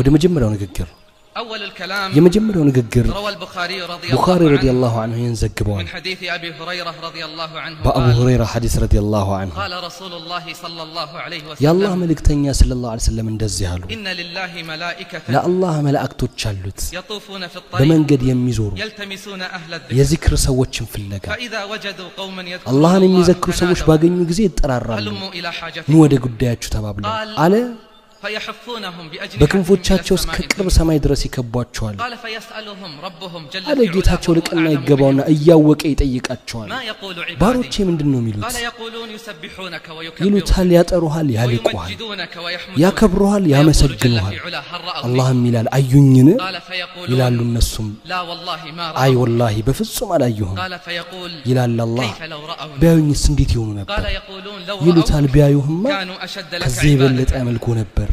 ወደ መጀመሪያው ንግግር የመጀመሪያው ንግግር ቡኻሪ ረዲየላሁ አንሁ ይህን ዘግበዋል በአቡ ሁረይራ ሐዲስ ረዲየላሁ አንሁ የአላህ መልእክተኛ ሰለላሁ ዐለይሂ ወሰለም እንደዚህ አሉ ለአላህ መላእክቶች አሉት በመንገድ የሚዞሩ የዚክር ሰዎችን ፍለጋ አላህን የሚዘክሩ ሰዎች ባገኙ ጊዜ ይጠራራሉ ኑ ወደ ጉዳያችሁ ተባብለው አለ በክንፎቻቸው እስከ ቅርብ ሰማይ ድረስ ይከቧቸዋል አለ ጌታቸው ልቅና ይገባውና እያወቀ ይጠይቃቸዋል ባሮቼ ምንድን ነው የሚሉት ይሉታል ያጠሩሃል ያልቁሃል ያከብሩሃል ያመሰግኑሃል አላህም ይላል አዩኝን ይላሉ እነሱም አይ ወላሂ በፍጹም አላየሁም ይላል አላህ ቢያዩኝስ እንዴት ይሆኑ ነበር ይሉታል ቢያዩህማ ከዚህ የበለጠ ያመልኩ ነበር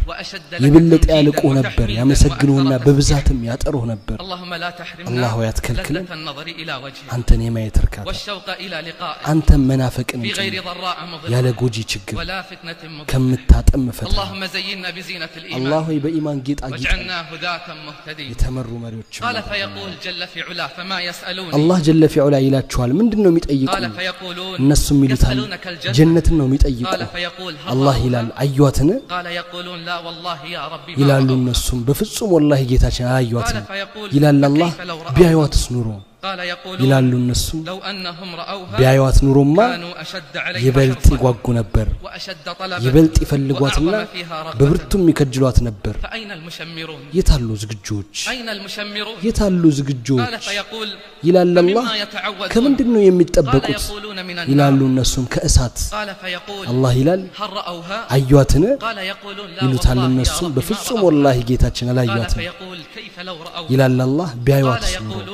يبلت يالك ونبر يا مسجن ببزات يا تروه نبر اللهم لا تحرمنا الله ويتكلك النظر الى وجهك انت ما يترك والشوق الى لقاء انت منافق انت غير ضراء يا لجوجي تشك ولا فتنه كم تاطم فتنه اللهم زيننا بزينه الايمان الله بايمان جيت اجي وجعلنا هداة مهتدين يتمروا مريوتش قال فيقول جل في علا فما يسالون الله جل في علا الى تشوال من دنو ميطيقون قال فيقولون يسألونك الجنة جنتنا ميطيقون قال فيقول الله هلال ايواتنا قال يقولون لا ይላሉ እነሱም በፍጹም ወላሂ ጌታችን አላዩዋትም ይላል አላህ ቢያዩዋትስ ኑሮ ይላሉ እነሱ ቢያዩዋት ኑሮማ ይበልጥ ይጓጉ ነበር ይበልጥ ይፈልጓትና በብርቱም ይከጅሏት ነበር የታሉ ዝግጆች የታሉ ዝግጆች ይላል አላህ ከምንድን ነው የሚጠበቁት ይላሉ እነሱም ከእሳት አላህ ይላል አዩዋትን ይሉታል እነሱም በፍጹም ወላሂ ጌታችን አላዩዋትም ይላል አላህ ቢያዩዋትስ ኑሮ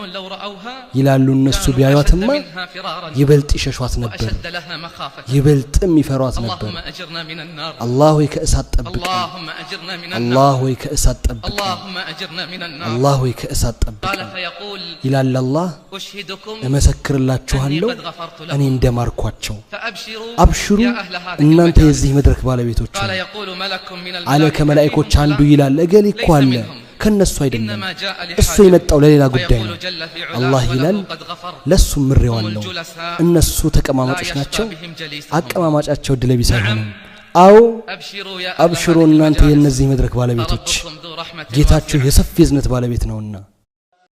ይላሉ እነሱ ቢያዩትማ ይበልጥ ይሸሿት ነበር ይበልጥም ይፈሯት ነበር አላህ ሆይ ከእሳት ጠብቀን አላህ ሆይ ከእሳት ጠብቀን አላህ ሆይ ከእሳት ጠብቀን ይላል አላህ እመሰክርላችኋለሁ እኔ እንደማርኳቸው አብሽሩ እናንተ የዚህ መድረክ ባለቤቶች አለ ከመላእኮች አንዱ ይላል እገሌ እኮ አለ ከነሱ አይደለም እሱ የመጣው ለሌላ ጉዳይ ነው አላህ ይላል ለሱ ምሬዋለሁ እነሱ ተቀማማጮች ናቸው አቀማማጫቸው ድለቢስ አይሆንም አው አብሽሮ እናንተ የእነዚህ መድረክ ባለቤቶች ጌታችሁ የሰፊ ዝነት ባለቤት ነውና